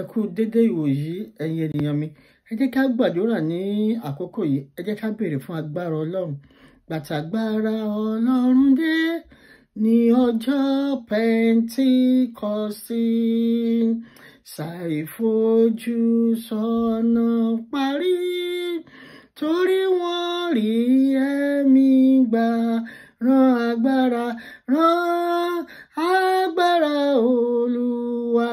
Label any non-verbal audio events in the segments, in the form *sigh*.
ẹ kú dédé ìwòyí ẹ̀yin ènìyàn mi ẹ jẹ́ ká gbàdúrà ní àkókò yìí ẹ jẹ́ ká béèrè fún agbára ọlọ́run gbàtàgbára ọlọ́run dé ní ọjọ́ pẹ́ntíkọ́sì ṣàìfojú sọ́nà parí torí wọ́n rí ẹ̀mí gbà rán agbára rán agbára olúwa.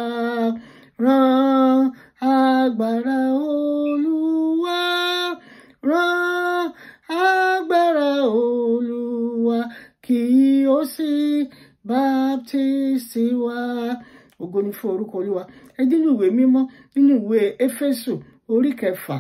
ní fún orúkọ olúwa ẹ nínú ìwé mímọ́ nínú ìwé éfésù orí kẹfà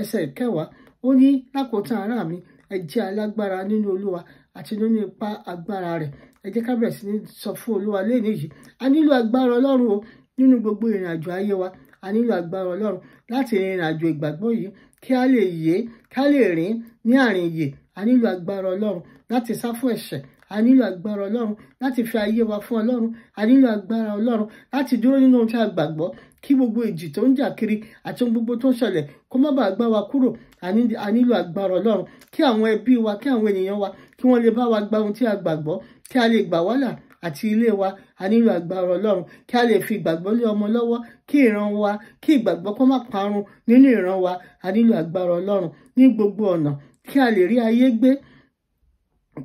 ẹsẹ̀ kẹwàá ó ní lákòótán ará mi ẹ jẹ́ alágbára nínú olúwa àti nínú ipá agbára rẹ̀ ẹ jẹ́ ká bẹ̀rẹ̀ sí ní sọ fún olúwa lẹ́yìn yìí a nílò agbára ọlọ́run o nínú gbogbo ìrìn àjò ayé wa a nílò agbára ọlọ́run láti ìrìn àjò ìgbàgbọ́ yìí kí a lè yé kí a lè rìn ní àrìn yè a nílò agbára ọlọ́run láti sá fún ẹ̀ṣẹ̀ a nílò agbára ọlọ́run láti fi ayé wa fún ọlọ́run a nílò agbára ọlọ́run láti dúró nínú ohun tí a gbàgbọ́ kí gbogbo ìjì tó ń jà kiri àti ohun gbogbo tó ń ṣẹlẹ̀ kó má bàa gbá wa kúrò a nílò agbára ọlọ́run kí àwọn ẹbí wa kí àwọn ènìyàn wa kí wọ́n lè bá wa gba ohun tí a gbàgbọ́ kí a lè gbà wálà àti ilé wa a nílò agbára ọlọ́run kí a lè fi ìgbàgbọ́ lé ọmọ lọ́wọ́ kí ìran wa kí ìgbàgbọ́ kó má parun nínú ìran wa a nílò agbára ọlọ́run ní gbogbo ọ̀nà kí a lè rí ayé gbé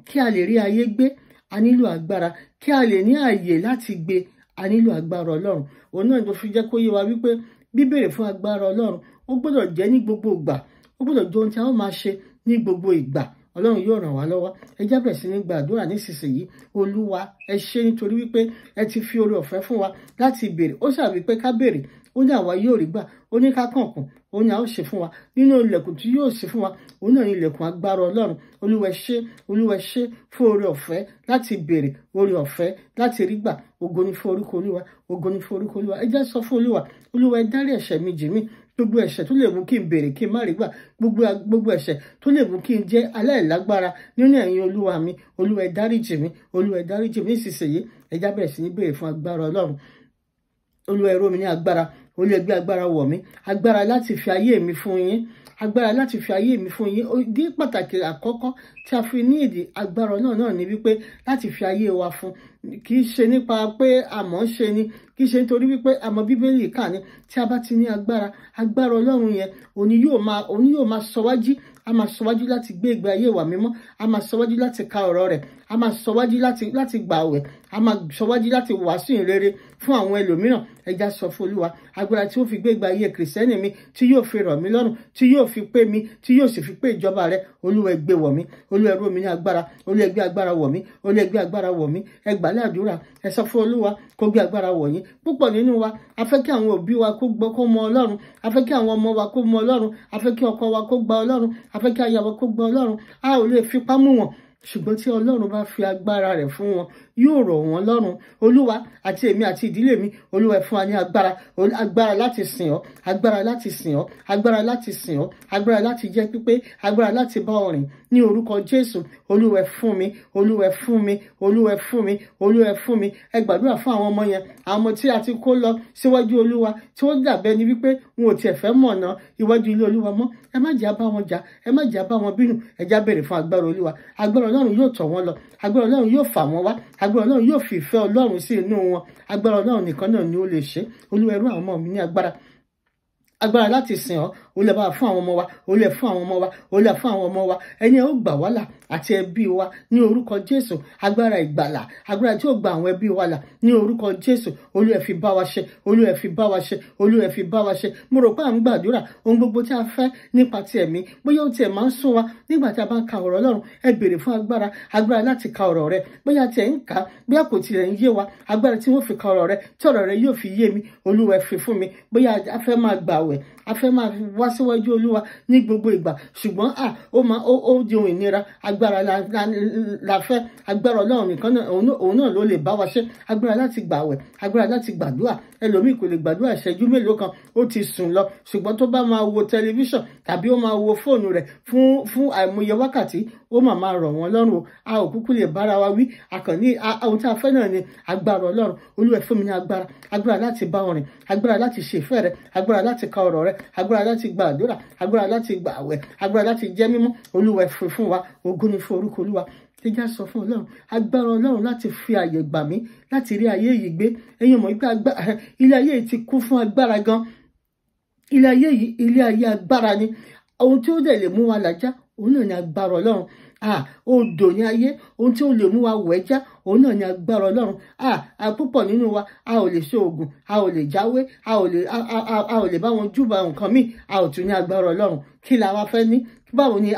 kí a lè rí ayé gbé a nílò agbára kí a lè ní ààyè láti gbé a nílò agbára ọlọ́run òun náà ló fi jẹ́ kó yé wa wípé bíbèrè fún agbára ọlọ́run ó gbọ́dọ̀ jẹ́ ní gbogbo ìgbà ó gbọ́dọ̀ jẹ́ ohun tí a ó máa ṣe ní gbogbo ìgbà ọlọ́run yóò ràn wá lọ́wọ́ ẹ jẹ́ bẹ̀rẹ̀ sí ní gbàdúrà nísinsìnyí olúwa ẹ ṣé nítorí wípé ẹ ti fi oore ọ̀fẹ́ fún wa láti béèrè ó ṣàbí pé ká béèrè ó ní àwa yóò rí gbà ó ní ká kànkùn òun náà ó ṣe fún wa nínú ilẹ̀kùn tí yóò ṣe fún wa òun náà ní ilẹ̀kùn agbára ọlọ́run olúwa ẹ ṣé olúwa ẹ ṣé fún oore ọ̀fẹ́ láti béèrè oore ọ̀fẹ́ láti rí gbà ògo ni fún orúkọ olúwa ògo ni fún orúkọ olúwa ẹ jẹ́ sọ fún olúwa olúwa ẹ dárí ẹ̀ṣẹ̀ mi jì mí gbogbo ẹ̀ṣẹ̀ tó lè mú kí n béèrè kí n má rí gbà gbogbo ẹ̀ṣẹ̀ tó lè mú kí n jẹ́ aláìlágbára nínú ẹ̀yin olúwa mi olúwa ẹ mi olúwa ẹ dáríjì mi nísinsìnyí ẹ já bẹ̀rẹ̀ sí ní béèrè fún agbára ọlọ́run olúwa ẹ rọ̀ ní agbára olú ẹgbẹ́ agbára wọ̀ mí agbára láti fi ayé mi fún yín agbára láti fi ayé mi fún yín ìdí pàtàkì àkọ́kọ́ tí a fi ní ìdí agbára náà náà ni wípé láti fi ayé wa fún kì í ṣe nípa pé àmọ́ ṣe ni kì í ṣe nítorí wípé àmọ́ bíbélì kà ní tí a bá ti ní agbára agbára ọlọ́run yẹn òní yóò máa òní yóò máa sọwájú a máa sọwájú láti gbé ìgbé ayé wa mímọ́ a máa sọwájú láti ka ọ̀rọ̀ rẹ̀ a máa sọwájú láti láti gbààwẹ̀ a máa sọwájú láti wàásù ìrere fún àwọn ẹlòmíràn ẹja sọ fún olúwa agbára tí ó fi gbé ìgbé ayé mi tí yóò fi rọ̀ mí lọ́rùn tí yóò fi pé mi tí yóò sì fi pé ìjọba rẹ olúwa ẹ gbé wọ̀ mí olúwa ẹ rọ̀ mí ní agbára olúwa ẹ gbé agbára wọ̀ mí olúwa ẹ agbára wọ̀ mí ẹ àdúrà ẹ sọ fún olúwa kó gbé agbára wọ̀ yín púpọ̀ nínú wa a fẹ́ kí àwọn òbí wa kó gbọ́ kó mọ ọlọ́run a fẹ́ kí àwọn ọmọ wa kó mọ ọlọ́run a fẹ́ kí ọkọ wa kó gba ọlọ́run a fẹ́ kí aya wa kó gba ọlọ́run a ò lè fipá mú wọn ṣùgbọ́n tí ọlọ́run bá fi agbára rẹ̀ fún wọn yóò rọ̀ wọ́n lọ́rùn olúwa àti èmi àti ìdílé mi olúwa fún wa ní agbára agbára láti sìn ọ́ agbára láti sìn ọ́ agbára láti sìn ọ́ agbára láti jẹ́ pípé agbára láti bá ọ rìn ní orúkọ jésù olúwa fún mi olúwa fún mi olúwa fún mi olúwa fún mi ẹ gbàdúrà fún àwọn ọmọ yẹn àwọn ọmọ tí a ti kó lọ síwájú olúwa tí wọ́n dàbẹ́ ni wípé wọn ò tiẹ̀ fẹ́ mọ̀nà iwájú ilé olúwa mọ́ ẹ má jẹ́ a bá wọn jà ẹ má jẹ́ a bá wọn bínú ẹ já bèrè fún agbára olúwa agbára ọlọ́run yóò tọ̀ wọ́n lọ agbára ọlọ́run yóò fà wọ́n wá agbára ọlọ́run yóò fi ìfẹ́ ọlọ́run sí inú wọn agbára ọlọ́run nìkan náà ni ó lè ṣe olúwa ẹrú àwọn ọmọ mi ní agbára agbára láti sìn ọ́ olúwa bá fún àwọn ọmọ wa olúwa fún àwọn ọmọ wa olúwa fún àwọn ọmọ wa ẹni ó gbà wá là àti ẹbí wa ní orúkọ jésù agbára ìgbàlà agbára tí ó gba àwọn ẹbí wa là ní orúkọ jésù olúwa fi bá wa ṣe olúwa fi bá wa ṣe olúwa fi bá wa ṣe mo rò pé à ń gbàdúrà ohun gbogbo tí a fẹ́ nípa ti ẹ̀mí bóyá ó tiẹ̀ máa ń sún wa nígbà tí a bá ń ka ọ̀rọ̀ ọlọ́run ẹ béèrè fún agbára agbára láti ka ọ̀rọ̀ rẹ bóyá tiẹ̀ ń kà bóyá kò tilẹ̀ ń yé wa agbára tí wọ́n fi ka ọ̀rọ̀ rẹ tí ọ̀rọ̀ rẹ yóò fi yé mi olúwa fi fún mi bóyá a fẹ́ máa gbàwẹ̀ a fẹ́ máa wá síwájú olúwa ní gbogbo ìgbà ṣùgbọ́n à ó máa ó di ohun ìnira agbára la fẹ́ agbára ọlọ́run nìkan náà òun náà ló lè bá wa ṣe agbára láti gbàwẹ̀ agbára láti gbàdúrà ẹlòmíì kò lè gbàdúrà ìṣẹ́jú mélòó kan ó ti sùn lọ ṣùgbọ́n tó bá máa wo tẹlifíṣàn tàbí ó máa wo fóònù rẹ̀ fún fún àìmọye wákàtí ó mà máa rọ̀ wọ́n lọ́rùn o a ò kúkú lè bára wa wí àkànní ohun tí a fẹ́ náà ni agbára ọlọ́run olúwa fún mi ní agbára agbára láti bá ọ rìn agbára láti ṣèfẹ́ rẹ agbára láti ka ọ̀rọ̀ rẹ àwẹ̀ agbára láti gba àdúrà agbára láti gba àwẹ̀ agbára láti jẹ́ mímọ́ olúwa fún fún wa ògo ni fún orúkọ olúwa jẹjẹ sọ fún ọlọ́run agbára ọlọ́run láti fi àyè gbà mí láti rí ayé yìí gbé ẹ̀yin mọ̀ pé *laughs* ilé ayé yìí ti kún fún agbára gan ilé ayé yìí ilé ayé agbára ni ohun tí ó dẹ̀ lè mú wa làjá òun náà ni agbára ọlọ́run odò ní ayé ohun tí ó lè mú wa wẹ̀já òun náà ni agbára ọlọ́run a púpọ̀ nínú wa a ò lè ṣe oògùn a ò lè jáwé a ò lè a ò lè bá wọn júbà nǹkan míì a ò tún ní agbára ọlọ́run kí la wá fẹ́ ní báwo ni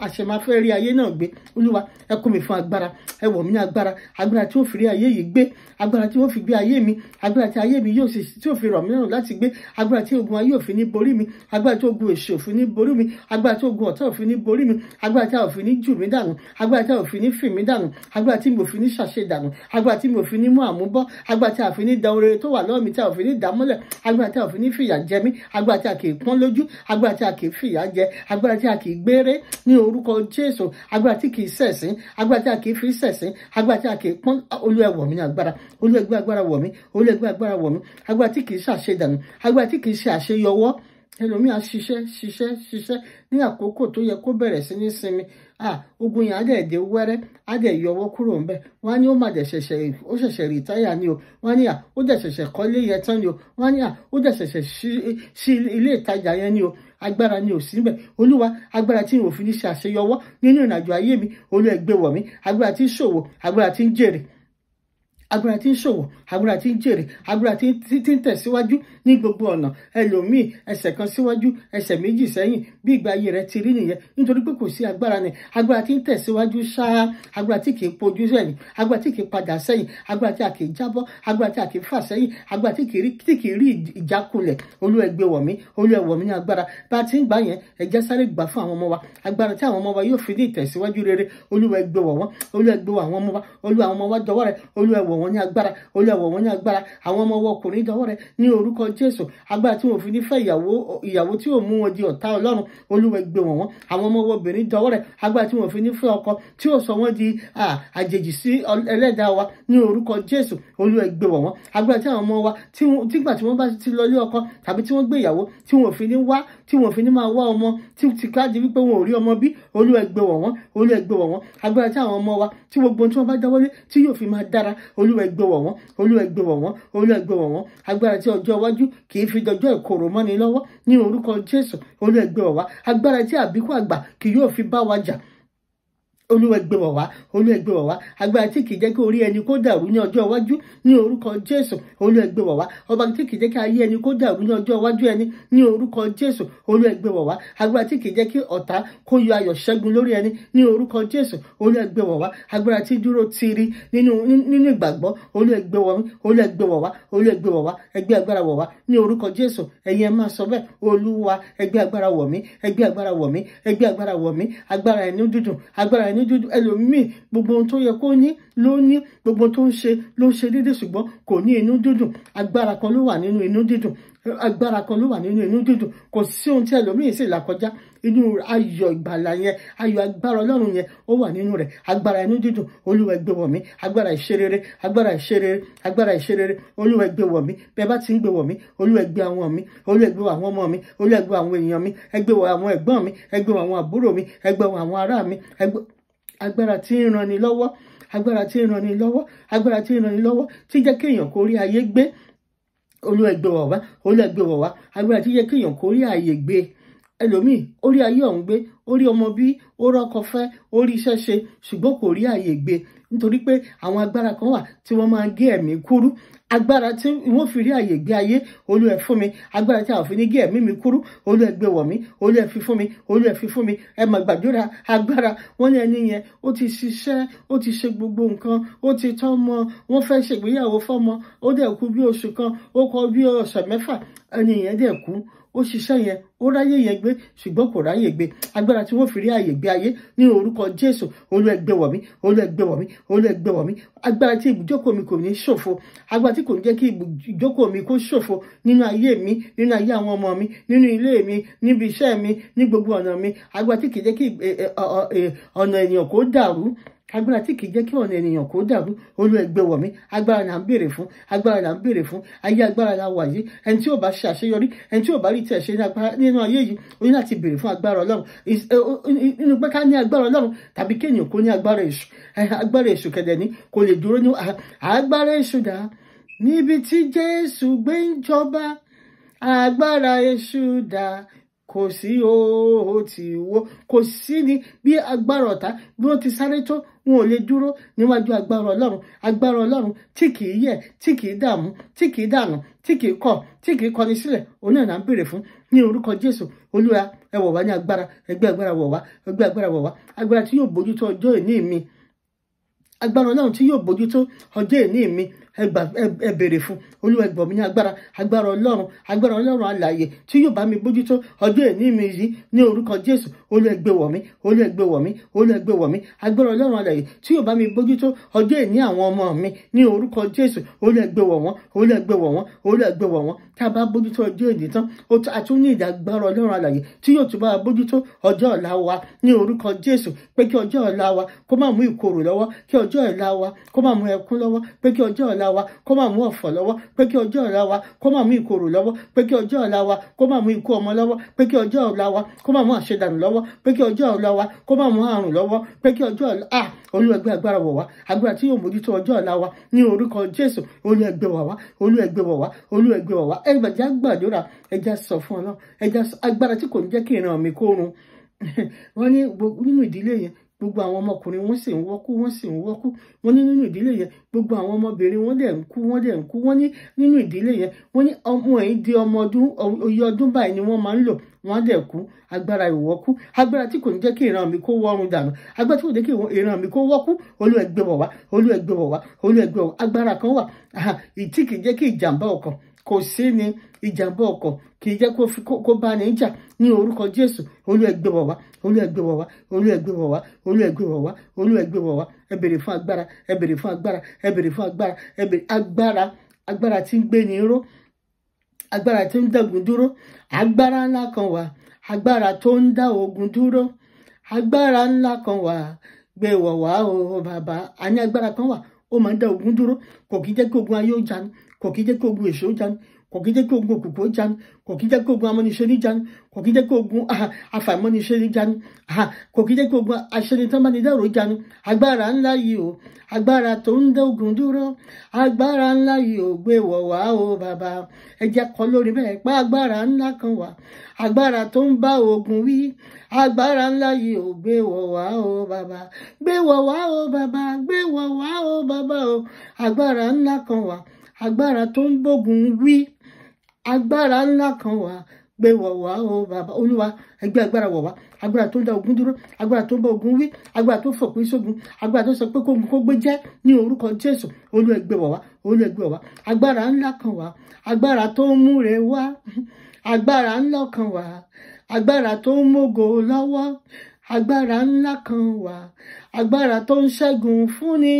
àṣemáfẹ́ rí ayé náà gbé olúwa ẹ kún mi fún agbára ẹ wọ̀ mí ní agbára agbára tí ó fi rí ayé yìí gbé agbára tí ó fi gbé ayé mi agbára tí ayé mi yóò sì tí ó fi rọ̀ mí lọ́rùn láti gbé agbára tí ogun ayé òfin ní borí mi agbára tí ogun èṣù òfin ní borí mi agbára tí ogun ọ̀tá òfin ní borí mi agbára tí a òfin ní jù mí dànù agbára tí a òfin ní fì mí dànù agbára tí mo fi ní ṣàṣ ṣe dànù agbára tí mi ò fi ní mú àmúbọ́ agbára tí a fi ní da orere tó wà lọ́wọ́ mi tí a ò fi ní dà mọ́lẹ̀ agbára tí a ò fi ní fìyà jẹ mí agbára tí a kì í pọ́n lójú agbára tí a kì í fìyà jẹ agbára tí a kì í gbére ní orúkọ Jésù agbára tí kì í ṣẹ̀sín agbára tí a kì í fi ṣẹ̀sín agbára tí a kì í pọ́n Olúwa wọ̀ mí ní agbára Olúwa gbé agbára wọ̀ mí Olúwa agbára wọ̀ mí agbára tí kì í ṣàṣedànù ẹlòmíà ṣiṣẹ́ ṣiṣẹ́ ṣiṣẹ́ ní àkókò tó yẹ kó bẹ̀rẹ̀ sí ní sinmi ogun yẹn á dẹ̀ dé wẹ́rẹ́ á dẹ̀ yọwọ́ kúrò ńbẹ wọ́n á ní ó mà dẹ̀ ṣẹ̀ṣẹ̀ ó ṣẹ̀ṣẹ̀ rìtáyà ni o wọ́n á ní à ó dẹ̀ ṣẹ̀ṣẹ̀ kọ́lé yẹn tán ni o wọ́n á ní à ó dẹ̀ ṣẹ̀ṣẹ̀ sí ilé ìtajà yẹn ni o agbára ni ò sí níbẹ̀ olúwa agbára tí n ò fi ní ṣe àṣeyọwọ́ nínú ìrìnàjò ayé mi olú ẹgbẹ́ wọ̀ mí agbára tí ń ṣòwò agbára tí ń jèrè agbára tí ń ṣòwò agbára tí ń jèrè agbára tí ń tẹ̀síwájú ní gbogbo ọ̀nà ẹlòmíì ẹsẹ̀ kan síwájú ẹsẹ̀ méjì sẹ́yìn bí ìgbà ayé rẹ ti rí nìyẹn nítorí pé kò sí agbára ni agbára tí ń tẹ̀síwájú ṣáá agbára tí kìí pojú sẹ́yìn agbára tí kìí padà sẹ́yìn agbára tí a kìí jábọ́ agbára tí a kìí fà sẹ́yìn agbára tí kìí rí ìjákulẹ̀ olú wọ̀mí olú mi ní agbára bá a ti ń gbà yẹn ẹ̀já sáré gbà fún àwọn ọmọ wa agbára tí àwọn ọmọ wa yóò fi ní ìtẹ̀síwájú rere olú ẹgbẹ́ wọ̀ wọ́n olú ẹgbẹ́ wọn ní agbára olùyàwó wọn ní agbára àwọn ọmọ wọn ọkùnrin dọwọ́ rẹ ní orúkọ jésù agbára tí wọn fi nífẹ̀ ìyàwó tí ò mú wọn di ọ̀tá ọlọ́run olúwa gbé wọn wọn àwọn ọmọ wọn obìnrin dọwọ́ rẹ agbára tí wọn fi nífẹ̀ ọkọ tí ò sọ wọn di àjèjì sí ẹlẹ́dàá wa ní orúkọ jésù olúwa gbé wọn wọn agbára tí àwọn ọmọ wa tígbà tí wọn bá ti lọ lé ọkọ tàbí tí wọn gbé ìyàwó fi ní máa wá ọmọ tí ti káàdì wípé wọn ò rí ọmọ bí olúwa gbé wọn wọn olúwa gbé wọn wọn agbára tí àwọn ọmọ wa tí gbogbo tí wọn bá dáwọ́lé tí yóò fi máa dára olú olúwa gbé wọ̀ wọ́n olúwa gbé wọ̀ wọ́n olúwa gbé wọ̀ wọ́n agbára tí ọjọ́ iwájú kì í fi dọjọ́ ìkorò mọ́ni lọ́wọ́ ní orúkọ jésù olúwa gbé wọ̀ wá agbára tí àbíkú àgbà kì yóò fi bá wa jà olúwẹgbẹwọ wá olúwẹgbẹwọ wá agbára tí kìí jẹ́ kí orí ẹni kó dàrú ní ọjọ́ iwájú ní orúkọ jésù olúwẹgbẹwọ wá ọba tí kìí jẹ́ kí ayé ẹni kó dàrú ní ọjọ́ iwájú ẹni ní orúkọ jésù olúwẹgbẹwọ wá agbára tí kìí jẹ́ kí ọ̀tá kó yọ ayọ̀ ṣẹ́gun lórí ẹni ní orúkọ jésù olúwẹgbẹwọ wá agbára tí dúró tiri nínú ìgbàgbọ́ olúwẹgbẹwọ olúwẹgbẹwọ wá olúwẹgbẹwọ wá ẹgbẹ́ agbára wọ̀ wá ní orúkọ jésù ẹ̀yin ẹ máa sọ bẹ́ẹ̀ olúwa ẹgbẹ́ agbára wọ̀ mí ẹgbẹ́ agbára wọ̀ mí ẹgbẹ́ agbára wọ̀ mí agbára ẹni dúdùn agbára ẹni ní dúdú ẹlòmíì gbogbo ohun tó yẹ kó ní ló ní gbogbo tó ń ṣe ló ń ṣe déédéé ṣùgbọ́n kò ní inú dídùn agbára kan ló wà nínú inú dídùn agbára kan ló wà nínú inú dídùn kò sí ohun tí ẹlòmíì sì là kọjá inú ayọ̀ ìgbàlà yẹn ayọ̀ agbára ọlọ́run yẹn ó wà nínú rẹ̀ agbára inú dídùn olúwa ẹ wọ̀ mí agbára ìṣerere agbára ìṣerere agbára ìṣerere olúwa ẹ wọ̀ mí bẹ́ẹ̀ bá ti ń gbé wọ̀ mí olúwa ẹ àwọn mi olúwa ẹ àwọn ọmọ mi olúwa ẹ àwọn èèyàn mi ẹ àwọn ẹ̀gbọ́n mi ẹ àwọn àbúrò mi ẹ àwọn ará mi ẹ agbára tí ń ranni lọ́wọ́ agbára tí ń ranni lọ́wọ́ agbára tí ń ranni lọ́wọ́ tí jẹ́ kéèyàn kó rí ayé gbé olú ẹgbẹ́ wọ̀ wá olú ẹgbẹ́ wọ̀ wá agbára tí jẹ́ kéèyàn kó rí ayé gbé ẹlòmíì orí ayé ọ̀hún gbé orí ọmọ bí ó rọ́kọ fẹ́ orí iṣẹ́ ṣe ṣùgbọ́n kò rí àyè gbé nítorí pé àwọn agbára kan wà tí wọ́n máa ń gé ẹ̀mí kúrú agbára tí wọ́n fi rí àyè gbé ayé olúwa fún mi agbára tí àwọn fi ní gé ẹ̀mí mi kúrú olúwa gbé wọ̀ mí olúwa fi fún mi olúwa fi fún mi ẹ mà gbàdúrà agbára wọ́n ní ẹni yẹn ó ti ṣiṣẹ́ ó ti ṣe gbogbo nǹkan ó ti tọ́ ọmọ wọ́n fẹ́ ṣègbéyàwó fọ́mọ ó dẹ̀ kú bí oṣù kan ó kọ bí ọ̀sẹ̀ mẹ́fà ẹni yẹn dẹ̀ kú ó ṣiṣẹ́ yẹn ó ráyè yẹn gbé ṣùgbọ́n kò ráyè gbé agbára tí wọ́n fi rí àyè gbé ayé ní orúkọ jésù olú ẹgbẹ́ wọ̀ mí olú ẹgbẹ́ wọ̀ mí olú ẹgbẹ́ wọ̀ mí agbára tí ibùjókòó mi kò ní ṣòfò agbára tí kò ní jẹ́ kí ibùjókòó mi kó ṣòfò nínú ayé mi nínú ayé àwọn ọmọ mi nínú ilé mi níbi iṣẹ́ mi ní gbogbo ọ̀nà mi agbára tí kì í jẹ́ kí ọ̀nà ènìyàn kó dàrú agbára tí kìí jẹ́ kí ọ̀nà ènìyàn kó dàrú olú ẹgbẹ́ wọ̀ mí agbára là ń béèrè fún agbára là ń béèrè fún ayé agbára la wà yìí ẹni tí ò bá ṣe àṣeyọrí ẹni tí ò bá rí tiẹ̀ ṣe nínú ayé yìí o ní láti béèrè fún agbára ọlọ́run eh, inú pé ká ní agbára ọlọ́run tàbí kéèyàn kó ní agbára èṣù eh, agbára èṣù kẹ̀dẹ̀ ní kò lè dúró ní ah, agbára èṣù dá níbi tí jésù gbé ń jọba agbára èṣù dá kò sí ooo tí wo kò sí ni bí agbára ọ̀tá bí wọ́n ti sáré tó wọn ò lè dúró níwájú agbára ọlọ́run agbára ọlọ́run tí kìí yẹ̀ tí kìí dààmú tí kìí dànù tí kìí kọ̀ tí kìí kọni sílẹ̀ òun náà ń béèrè fún ní orúkọ jésù olúwa ẹ wá ní agbára ẹgbẹ́ agbára wọ̀ wá ẹgbẹ́ agbára wọ̀ wá agbára tí yóò bójútó ọjọ́ ìní mi agbára ọlọ́run tí yóò bójútó ọjọ́ ìní mi ẹ bèrè fún olúwa ẹ gbà mí ní agbára agbára ọlọ́run agbára ọlọ́run alààyè tí yóò bá mi bójútó ọjọ́ èní mi yìí ní orúkọ jésù olúwa ẹ gbé wọ̀ mí olúwa ẹ gbé wọ̀ mí olúwa ẹ gbé wọ̀ mí agbára ọlọ́run alààyè tí yóò bá mi bójútó ọjọ́ èní àwọn ọmọ mi ní orúkọ jésù olúwa ẹ gbé wọ̀ wọ́n olúwa ẹ gbé wọ̀ wọ́n olúwa ẹ gbé wọ̀ wọ́n tá a bá bójútó ọjọ́ èní tán a tún ní ìdàgbára ọlọ́run alààyè tí yóò tún bá a bójútó ọjọ́ ọ̀la wa ní orúkọ jésù pé kí ọjọ́ ọ̀la wa kó má mú ìkorò lọ́wọ́ kí ọjọ́ ọ̀la wa kó má mú ẹkún lọ́wọ́ pé kí ọjọ́ ọ̀la ọ̀la wa kó má mú ọ̀fọ̀ lọ́wọ́ pé kí ọjọ́ ọ̀la wa kó má mú ìkorò lọ́wọ́ pé kí ọjọ́ ọ̀la wa kó má mú ikú ọmọ lọ́wọ́ pé kí ọjọ́ ọ̀la wa kó má mú àṣedànù lọ́wọ́ pé kí ọjọ́ ọ̀la wa kó má mú àrùn lọ́wọ́ pé kí ọjọ́ ọ̀la ah olùẹgbẹ́ agbára wọ̀ wá agbára tí yóò mójútó ọjọ́ ọ̀la wa ní orúkọ Jésù olùẹgbẹ́ wà wá olùẹgbẹ́ wà wá olùẹgbẹ́ wà wá ẹgbàjá gbàdúrà ẹjá sọ fún ọ náà ẹjá agbára tí kò ní jẹ́ kí ìran mi kó run *laughs* wọ́n ní nínú ìdílé yẹn gbogbo àwọn ọmọkùnrin wọn sì ń wọ́kú wọ́n sì ń wọ́kú wọ́n ní nínú ìdílé yẹn gbogbo àwọn ọmọbìnrin wọ́n dẹ̀ ń kú wọ́n dẹ̀ ń kú wọ́n ní nínú ìdílé yẹn wọ́n ní ọmọ yìí di ọmọ ọdún oyè ọdún báyìí ni wọ́n máa ń lò wọ́n á kú agbára ìwọ́kú agbára tí kò ní jẹ́ kí ìran mi kó wọ́run dànù agbára tí kò ní jẹ́ kí ìran mi kó wọ́kú olúẹgbẹ́ bọ̀ wá agbára kan wà tí kì í jẹ́ kí ìjàmbá ọkàn kò sí ní ìjàmbá ọkọ̀ kì í jẹ́ kó bá ní jà ní orúkọ jésù olúẹgbẹ́ wọ̀ wá olúẹgbẹ́ wọ̀ wá olúẹgbẹ́ wọ̀ wá olúẹgbẹ́ wọ̀ wá olúẹgbẹ́ wọ̀ wá ẹ bèrè fún agbára ẹ bèrè fún agbára ẹ fún agbára ẹ agbára agbára tí ń gbé ní ró agbára tí ń dẹ̀gùn dúró agbára ńlá kan wà agbára tó ń dá ogun dúró agbára ńlá kan wà gbé wọ̀ wá o bàbá àní agbára kan wà ó máa ń dá ogun dúró kò kí jẹ́ kí ogun ayé ó jà ní kò kí jẹ́ kí ogun èso jan kò kí jẹ́ kí ogun òkùnkùn jan kò kí jẹ́ kí ogun amọ́niṣẹ́rí jan kò kí jẹ́ kí ogun afàìmọ́niṣẹ́rí jan kò kí jẹ́ kí ogun aṣẹ́nitánmánidẹ́rò jan agbára ńlá yìí o agbára tó ń dá ogun dúró agbára ńlá yìí ò gbé wọ̀ wá o baba, ẹ jẹ́ kọ lórí bẹ́ẹ̀ pé agbára ńlá kan wà agbára tó ń bá ogun wí agbára ńlá yìí ò o baba, gbé wawa o baba o agbara o agbára ńlá kan wà agbára tó ń bògùn wí agbára ńlá kan wà gbé wọ̀wá o bàbá olúwa ẹgbẹ́ agbára wọ̀wá agbára tó ń da ogun dúró agbára tó ń bá ogun wí agbára tó fòpin sógun agbára tó sọ pé kó kó gbé jẹ́ ní orúkọ jésù olú ẹgbẹ́ wọ̀wá olú ẹgbẹ́ wọ̀wá agbára ńlá kan wà agbára tó ń múre wá agbára ńlá kan wà agbára tó ń mógo lọ́wọ́ agbára ńlá kan wà agbára tó ń ṣẹ́gun fúnni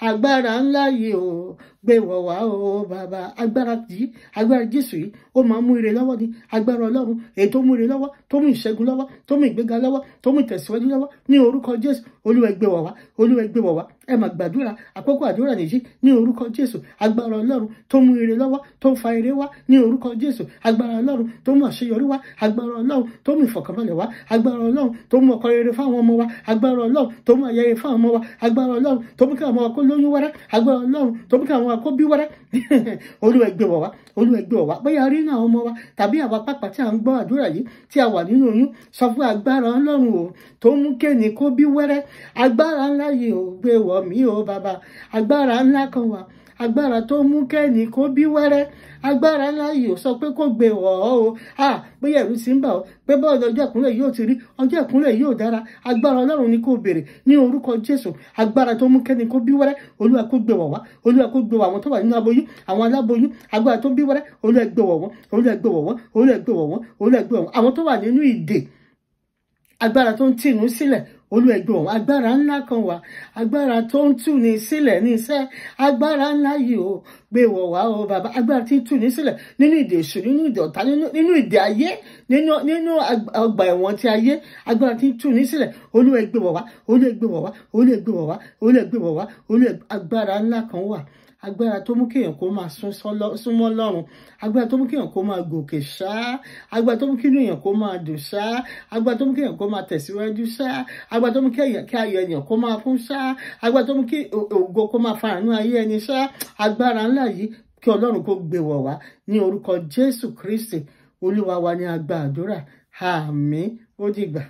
agbára ńlá yìí o gbé wọ̀ wá o bàbá agbára yìí agbára jésù yìí ó máa mú ire lọ́wọ́ ni agbára ọlọ́run èyí tó mú ire lọ́wọ́ tó mú ìṣẹ́gun lọ́wọ́ tó mú ìgbéga lọ́wọ́ tó mú ìtẹ̀síwájú lọ́wọ́ ní orúkọ jésù olúwa gbé wọ̀ wá olúwa gbé wọ̀ wá ẹ máa gbàdúrà àkókò àdúrà nìyí ní orúkọ jésù agbára ọlọ́run tó mú ire lọ́wọ́ tó fa ire wá ní orúkọ jésù agbára ọlọ́run tó mú àṣeyọrí wá agbára ọlọ́run tó mú ìfọ̀kànbalẹ̀ wá agbára ọlọ́run tó mú ọkọ lóyún wẹ́rẹ́ agbára ọlọ́run tó bí káwọn akó bí wẹ́rẹ́ *laughs* olúwa gbé wọ̀ wá olúwa gbé wọ̀ wá bóyá rí náà ọmọ wa tàbí àwa pàpà tí à ń gbọ́ àdúrà yìí tí a wà nínú oyún sọ fún agbára ọlọ́run o tó mú kéènì kó bí wẹ́rẹ́ agbára ńlá yìí ò gbé wọ̀ mí o bàbá agbára ńlá kan wà agbára tó mú kẹ́ni kó bí wẹ́rẹ́ agbára ńlá yìí ò sọ pé kó gbé wọ̀ ọ́ o ah bóyá ẹ̀rù ti ń bà ọ́ pé bọ́ọ̀lù ọjọ́ ìkúnlẹ̀ yóò ti rí ọjọ́ ìkúnlẹ̀ yóò dára agbára ọlọ́run ni kò béèrè ní orúkọ jésù agbára tó mú kẹ́ni kó bí wẹ́rẹ́ olúwa kó gbé wọ̀ wá olúwa kó gbé wọ̀ àwọn tó wà nínú aboyún àwọn aláboyún agbára tó bí wẹ́rẹ́ olúwa gbé wọ̀ wọ́n olúwa gbé wọ̀ wọ́n olùẹ̀gbọ́n agbára ńlá kan wà agbára tó ń tù ní sílẹ̀ ní iṣẹ́ agbára ńlá yìí o gbé wọ̀ wá o bàbá agbára tí ń tù ní sílẹ̀ nínú ìdè èṣù nínú ìdè ọ̀tá nínú ìdè ayé nínú ọgbà ẹ̀wọ̀n ti ayé agbára tí ń tù ní sílẹ̀ olùẹ̀gbọ́n wá olùẹ̀gbọ́n wá olùẹ̀gbọ́n wá olùẹ̀gbọ́n wá olùẹ̀gbọ́n agbára ńlá kan wà agbára tó mú kéèyàn kó máa súnmọ́ lọ́run agbára tó mú kéèyàn kó máa gòkè ṣá agbára tó mú kí èèyàn kó máa dùn ṣá agbára tó mú kéèyàn kó máa tẹ̀síwájú ṣá agbára tó mú kí ayọ̀ èèyàn kó máa kún ṣá agbára tó mú kí ògo kó máa farahàn ayé ẹni ṣá agbára ńlá yìí kí ọlọ́run kó gbé wọ̀ wá ní orúkọ Jésù Kristi olúwa wa ni a àdúrà àmín ó dìgbà.